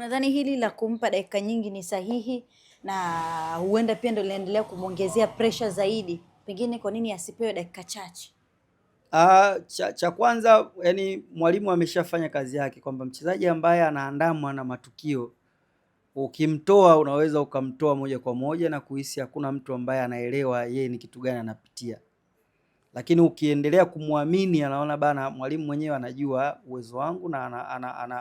Unadhani hili la kumpa dakika nyingi ni sahihi, na huenda pia ndo linaendelea kumwongezea pressure zaidi? Pengine kwa nini asipewe dakika chache? Uh, cha, cha kwanza yani mwalimu ameshafanya kazi yake kwamba mchezaji ambaye anaandamwa na matukio ukimtoa unaweza ukamtoa moja kwa moja na kuhisi hakuna mtu ambaye anaelewa yeye ni kitu gani anapitia lakini ukiendelea kumwamini anaona bana, mwalimu mwenyewe anajua uwezo wangu na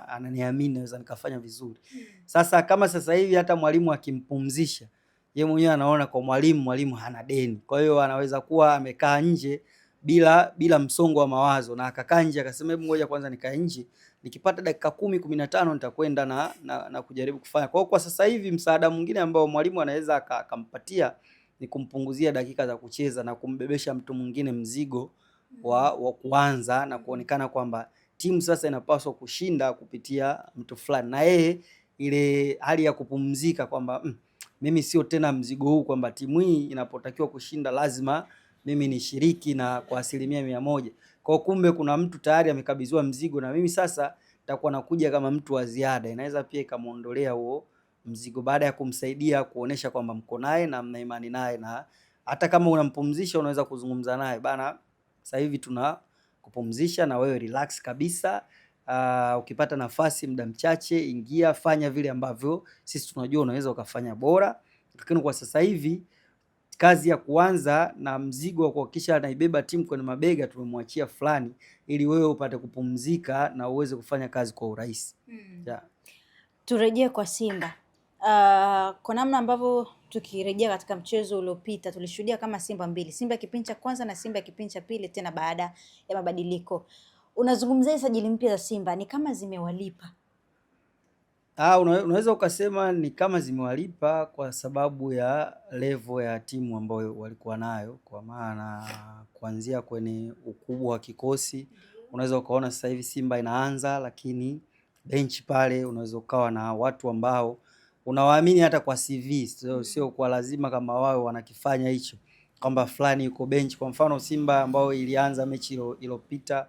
ananiamini naweza nikafanya vizuri. Hmm. Sasa kama sasa hivi hata mwalimu akimpumzisha ye mwenyewe anaona kwa mwalimu, mwalimu hana deni, kwa hiyo anaweza kuwa amekaa nje bila bila msongo wa mawazo na akakaa nje akasema, hebu ngoja kwanza nikae nje, nikipata dakika kumi kumi na tano nitakwenda na, na, na kujaribu kufanya. Kwa hiyo kwa sasa hivi msaada mwingine ambao mwalimu anaweza akampatia ni kumpunguzia dakika za kucheza na kumbebesha mtu mwingine mzigo mm. wa, wa kuanza na kuonekana kwamba timu sasa inapaswa kushinda kupitia mtu fulani, na yeye ile hali ya kupumzika kwamba mm, mimi sio tena mzigo huu, kwamba timu hii inapotakiwa kushinda lazima mimi nishiriki na kwa asilimia mia moja. Kwa kumbe kuna mtu tayari amekabidhiwa mzigo, na mimi sasa nitakuwa nakuja kama mtu wa ziada, inaweza pia ikamwondolea huo mzigo, baada ya kumsaidia kuonesha kwamba mko naye na mna imani naye, na hata kama unampumzisha, unaweza kuzungumza naye bana, sasa hivi tuna kupumzisha na wewe relax kabisa. Uh, ukipata nafasi muda mchache ingia, fanya vile ambavyo sisi tunajua unaweza ukafanya bora, lakini kwa sasa hivi kazi ya kuanza na mzigo wa kuhakikisha anaibeba timu kwenye mabega tumemwachia fulani, ili wewe upate kupumzika na uweze kufanya kazi kwa urahisi. Hmm. Yeah. Turejee kwa Simba. Uh, kwa namna ambavyo tukirejea katika mchezo uliopita tulishuhudia kama Simba mbili, Simba ya kipindi cha kwanza na Simba ya kipindi cha pili, tena baada ya mabadiliko. Unazungumzia sajili mpya za Simba ni kama zimewalipa? Ah, unaweza ukasema ni kama zimewalipa kwa sababu ya levo ya timu ambayo walikuwa nayo, kwa maana kuanzia kwenye ukubwa wa kikosi. Unaweza ukaona sasa hivi Simba inaanza, lakini benchi pale unaweza ukawa na watu ambao unawaamini hata kwa CV, mm. sio kwa lazima kama wao wanakifanya hicho kwamba fulani yuko bench. Kwa mfano Simba ambao ilianza mechi iliyopita,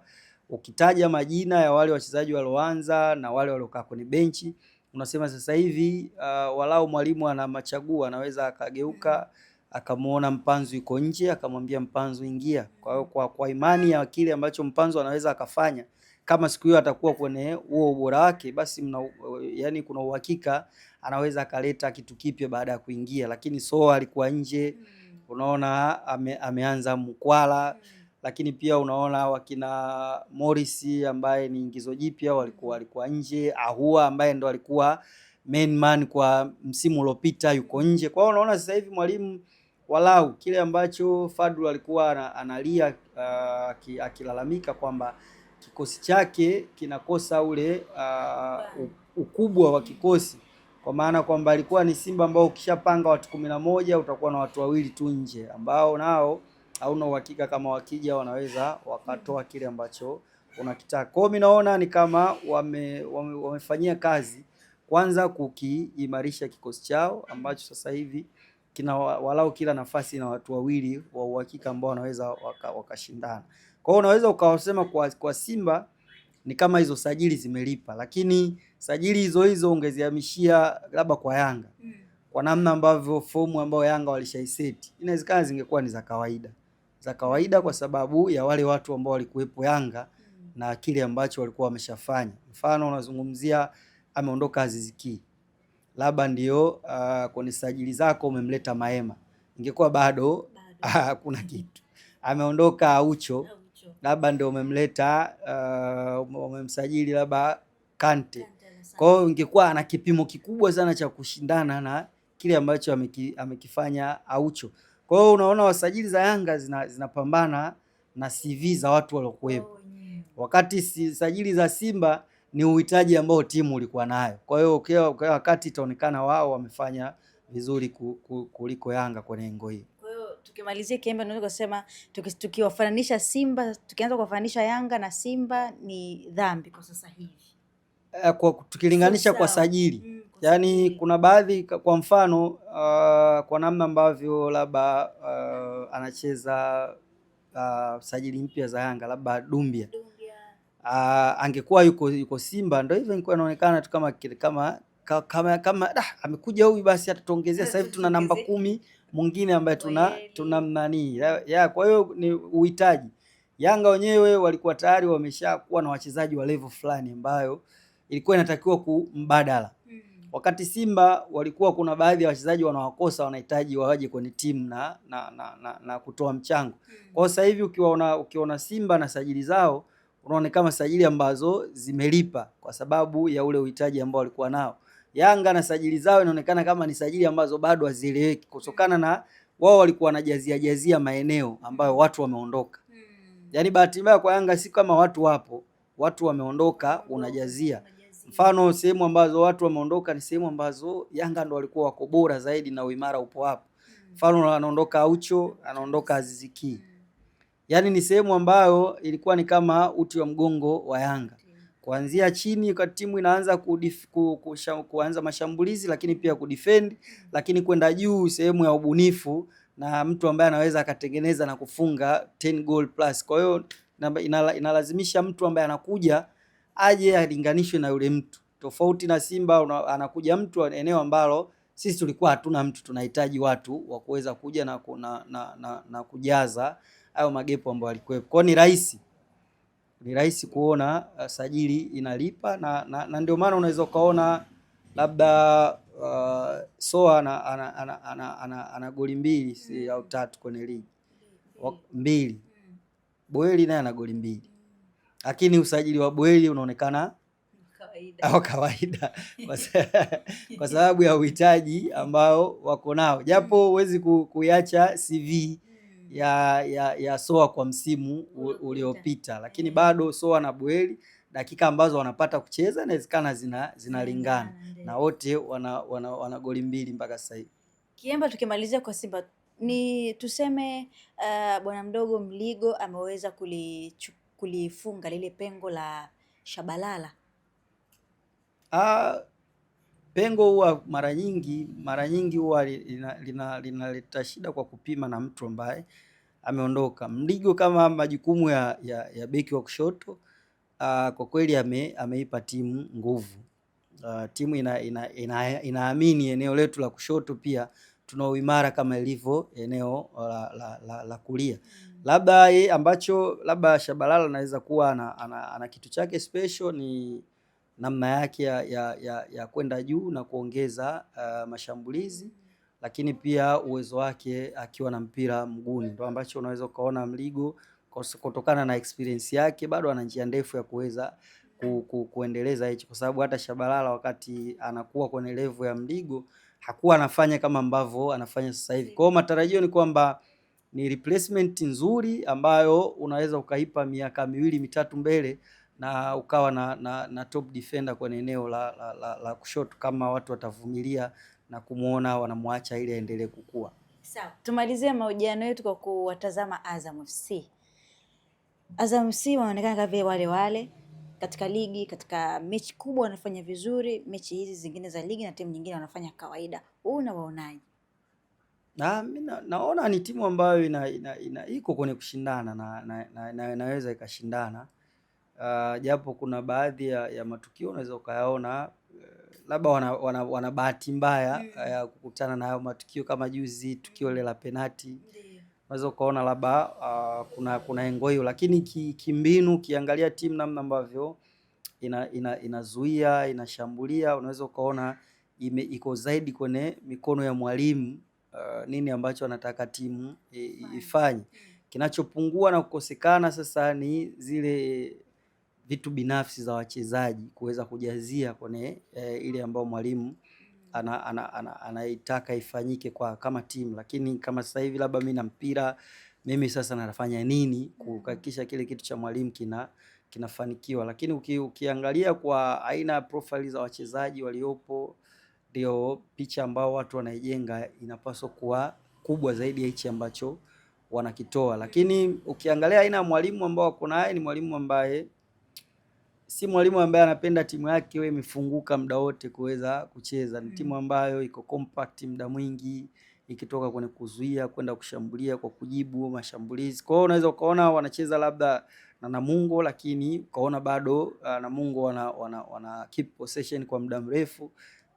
ukitaja majina ya wale wachezaji walioanza na wale waliokaa kwenye benchi, unasema sasa hivi uh, walau mwalimu machaguo, anaweza akageuka akamuona Mpanzu yuko nje, akamwambia Mpanzu ingia. Kwa hiyo kwa, kwa imani ya kile ambacho Mpanzu anaweza akafanya kama siku hiyo atakuwa kwenye huo ubora wake, basi mna, yani kuna uhakika anaweza akaleta kitu kipya baada ya kuingia, lakini so alikuwa nje mm. Unaona ame, ameanza mkwala mm. Lakini pia unaona wakina Morris ambaye ni ingizo jipya walikuwa hmm. alikuwa nje, Ahua ambaye ndo alikuwa main man kwa msimu uliopita yuko nje. Kwa hiyo unaona sasa hivi mwalimu walau kile ambacho Fadlu alikuwa analia uh, akilalamika kwamba kikosi chake kinakosa ule uh, ukubwa wa kikosi, kwa maana kwamba alikuwa ni Simba ambao ukishapanga watu kumi na moja utakuwa na watu wawili tu nje ambao nao hauna uhakika kama wakija wanaweza wakatoa kile ambacho unakitaka. Kwa hiyo naona ni kama wame, wame, wamefanyia kazi kwanza kukiimarisha kikosi chao ambacho sasa hivi kina walau kila nafasi na watu wawili wa uhakika ambao wanaweza wakashindana waka kwa hiyo unaweza ukawasema kwa, kwa Simba ni kama hizo sajili zimelipa, lakini sajili hizo hizo ungezihamishia labda kwa Yanga mm. kwa namna ambavyo fomu ambayo Yanga walishaiseti inawezekana zingekuwa ni za kawaida za kawaida, kwa sababu ya wale watu ambao walikuwepo Yanga mm. na kile ambacho walikuwa wameshafanya. Mfano unazungumzia ameondoka Aziziki, labda ndio uh, kwenye sajili zako umemleta Maema, ingekuwa bado, bado. Ah, kuna kitu ameondoka Aucho labda ndio umemleta uh, umemsajili labda Kante. Kwa hiyo ingekuwa ana kipimo kikubwa sana cha kushindana na kile ambacho ameki, amekifanya Aucho. Kwa hiyo unaona wasajili za Yanga zinapambana zina na CV za watu waliokuwepo. Oh, wakati si, sajili za Simba ni uhitaji ambao timu ulikuwa nayo. Kwa hiyo okay, okay, wakati itaonekana wao wamefanya vizuri kuliko Yanga kwa lengo hili tukimalizia Kiembe tunaweza kusema tukiwafananisha tuki Simba, tukianza kuwafananisha Yanga na Simba ni dhambi kwa sasa hivi eh, kwa tukilinganisha kwa sajili mm, yaani kuna baadhi kwa mfano uh, kwa namna ambavyo labda uh, anacheza uh, sajili mpya za Yanga labda Dumbia, Uh, angekuwa yuko, yuko Simba ndio hivyo ilikuwa inaonekana tu kama kama kama, kama ah, amekuja huyu basi atatuongezea. Sasa hivi tuna namba kumi mwingine ambaye tuna tunamnanii ya, ya. Kwa hiyo ni uhitaji. Yanga wenyewe walikuwa tayari wameshakuwa na wachezaji wa level fulani ambayo ilikuwa inatakiwa kumbadala mm. Wakati Simba walikuwa kuna baadhi ya wachezaji wanawakosa, wanahitaji waje kwenye timu na, na, na, na, na kutoa mchango kwao mm. Kwa sasa hivi ukiwaona ukiona Simba na sajili zao unaona kama sajili ambazo zimelipa kwa sababu ya ule uhitaji ambao walikuwa nao. Yanga na sajili zao inaonekana kama ni sajili ambazo bado hazieleweki kutokana na wao walikuwa wanajazia jazia maeneo ambayo watu wameondoka. Hmm. Yaani bahati mbaya kwa Yanga si kama watu wapo, watu wameondoka unajazia. Mfano sehemu ambazo watu wameondoka ni sehemu ambazo Yanga ndo walikuwa wako bora zaidi na uimara upo hapo. Hmm. Mfano anaondoka Aucho, anaondoka Aziziki. Hmm. Yaani ni sehemu ambayo ilikuwa ni kama uti wa mgongo wa Yanga kuanzia chini kwa timu inaanza kudif, kuanza mashambulizi lakini pia kudefend, lakini kwenda juu sehemu ya ubunifu na mtu ambaye anaweza akatengeneza na kufunga 10 goal plus. Kwa hiyo inalazimisha mtu ambaye anakuja aje alinganishwe na yule mtu, tofauti na Simba una, anakuja mtu eneo ambalo sisi tulikuwa hatuna mtu, tunahitaji watu wa kuweza kuja na, na, na, na, na kujaza hayo magepo ambayo alikuwepo. Kwa hiyo ni rahisi ni rahisi kuona uh, sajili inalipa na, na, na ndio maana unaweza ukaona labda uh, Soa ana, ana, ana, ana, ana, ana goli mbili si, au tatu kwenye ligi mbili. Boeli naye ana goli mbili, lakini usajili wa Boeli unaonekana au kawaida kwa sababu ya uhitaji ambao wako nao, japo huwezi kuiacha CV ya, ya, ya Soa kwa msimu uliopita, lakini mm-hmm. bado Soa na bweli dakika ambazo wanapata kucheza inawezekana zina zinalingana na wote wana, wana, wana goli mbili mpaka sasa hivi. Kiemba, tukimalizia kwa Simba ni tuseme uh, bwana mdogo Mligo ameweza kulifunga lile pengo la Shabalala. Uh, pengo huwa mara nyingi mara nyingi huwa linaleta lina, lina shida kwa kupima na mtu ambaye ameondoka. Mligo kama majukumu ya, ya, ya beki wa kushoto uh, kwa kweli ame, ameipa timu nguvu. uh, timu ina, ina, ina, inaamini eneo letu la kushoto pia tuna uimara kama ilivyo eneo la, la, la, la kulia Labda ambacho labda Shabalala anaweza kuwa ana, ana, ana, ana kitu chake special ni namna yake ya, ya, ya, ya kwenda juu na kuongeza uh, mashambulizi lakini pia uwezo wake akiwa na mpira mguni ndio ambacho unaweza ukaona Mligo kutokana na experience yake bado ana njia ndefu ya kuweza ku, ku, kuendeleza hichi kwa sababu hata Shabalala wakati anakuwa kwenye level ya Mligo hakuwa anafanya kama ambavyo anafanya sasa hivi. Kwa hiyo matarajio ni kwamba ni replacement nzuri ambayo unaweza ukaipa miaka miwili mitatu mbele na ukawa na, na, na top defender kwenye eneo la, la, la, la kushoto kama watu watavumilia na kumwona wanamwacha ili aendelee kukua. Sawa, tumalizie mahojiano yetu kwa kuwatazama Azam FC. Azam FC wanaonekana kama vile wale wale katika ligi, katika mechi kubwa wanafanya vizuri, mechi hizi zingine za ligi na timu nyingine wanafanya kawaida. Wewe unawaonaje? Na mimi naona ni timu ambayo ina, ina, ina, iko kwenye kushindana na, na, na, na, na inaweza ikashindana uh, japo kuna baadhi ya, ya matukio unaweza ukayaona eh, labda wana, wana, wana bahati mbaya ya mm. eh, kukutana na hayo matukio kama juzi tukio ile la penati unaweza ukaona labda uh, kuna kuna engo hiyo, lakini kimbinu ki kiangalia timu namna ambavyo ina, ina, inazuia inashambulia, unaweza ukaona iko zaidi kwenye mikono ya mwalimu uh, nini ambacho anataka timu ifanye. Kinachopungua na kukosekana sasa ni zile vitu binafsi za wachezaji kuweza kujazia kwenye e, ile ambayo mwalimu anaitaka ana, ana, ana ifanyike kwa kama timu. Lakini kama sasa hivi labda mi na mpira mimi sasa nafanya nini kuhakikisha kile kitu cha mwalimu kina kinafanikiwa. Lakini uki, ukiangalia kwa aina ya profile za wachezaji waliopo, ndio picha ambao watu wanaijenga inapaswa kuwa kubwa zaidi ya hichi ambacho wanakitoa. Lakini ukiangalia aina ya mwalimu ambao wako naye ni mwalimu ambaye si mwalimu ambaye anapenda timu yake iwe imefunguka muda wote kuweza kucheza. Ni timu ambayo iko compact muda mwingi, ikitoka kwenye kuzuia kwenda kushambulia kwa kujibu mashambulizi. Kwa hiyo unaweza ukaona wanacheza labda na Namungo, lakini ukaona bado ah, Namungo wana, wana, wana keep possession kwa muda mrefu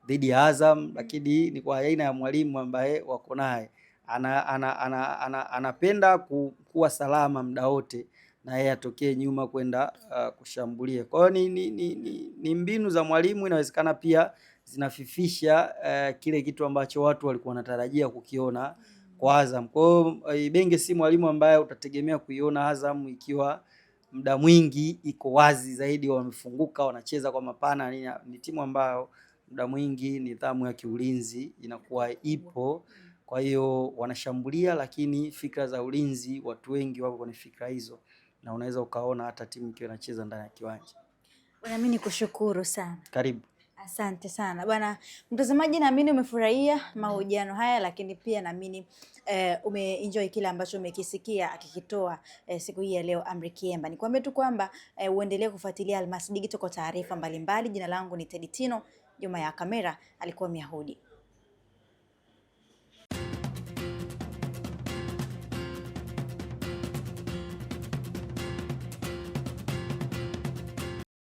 dhidi ya Azam, lakini ni kwa aina ya mwalimu ambaye wako naye anapenda ana, ana, ana, ana, ana, ana kuwa salama muda wote na yeye atokee nyuma kwenda uh, kushambulia. Kwa hiyo ni, ni, ni, ni, ni mbinu za mwalimu, inawezekana pia zinafifisha uh, kile kitu ambacho watu walikuwa wanatarajia kukiona kwa Azam. Kwa hiyo uh, Ibenge si mwalimu ambaye utategemea kuiona Azam ikiwa muda mwingi iko wazi zaidi, wamefunguka, wanacheza kwa mapana. Ni, ni timu ambayo muda mwingi nidhamu ya kiulinzi inakuwa ipo, kwa hiyo wanashambulia, lakini fikra za ulinzi, watu wengi wako kwenye fikra hizo na unaweza ukaona hata timu ikiwa inacheza ndani ya kiwanja. Bwana, mimi nikushukuru sana. Karibu. Asante sana bwana mtazamaji, naamini umefurahia mahojiano haya, lakini pia naamini eh, umeenjoy kile ambacho umekisikia akikitoa eh, siku hii ya leo Amri Kiemba. Nikwambie tu kwamba eh, uendelee kufuatilia Almas Digital kwa taarifa mbalimbali. Jina langu ni Teditino Juma, ya kamera alikuwa Myahudi.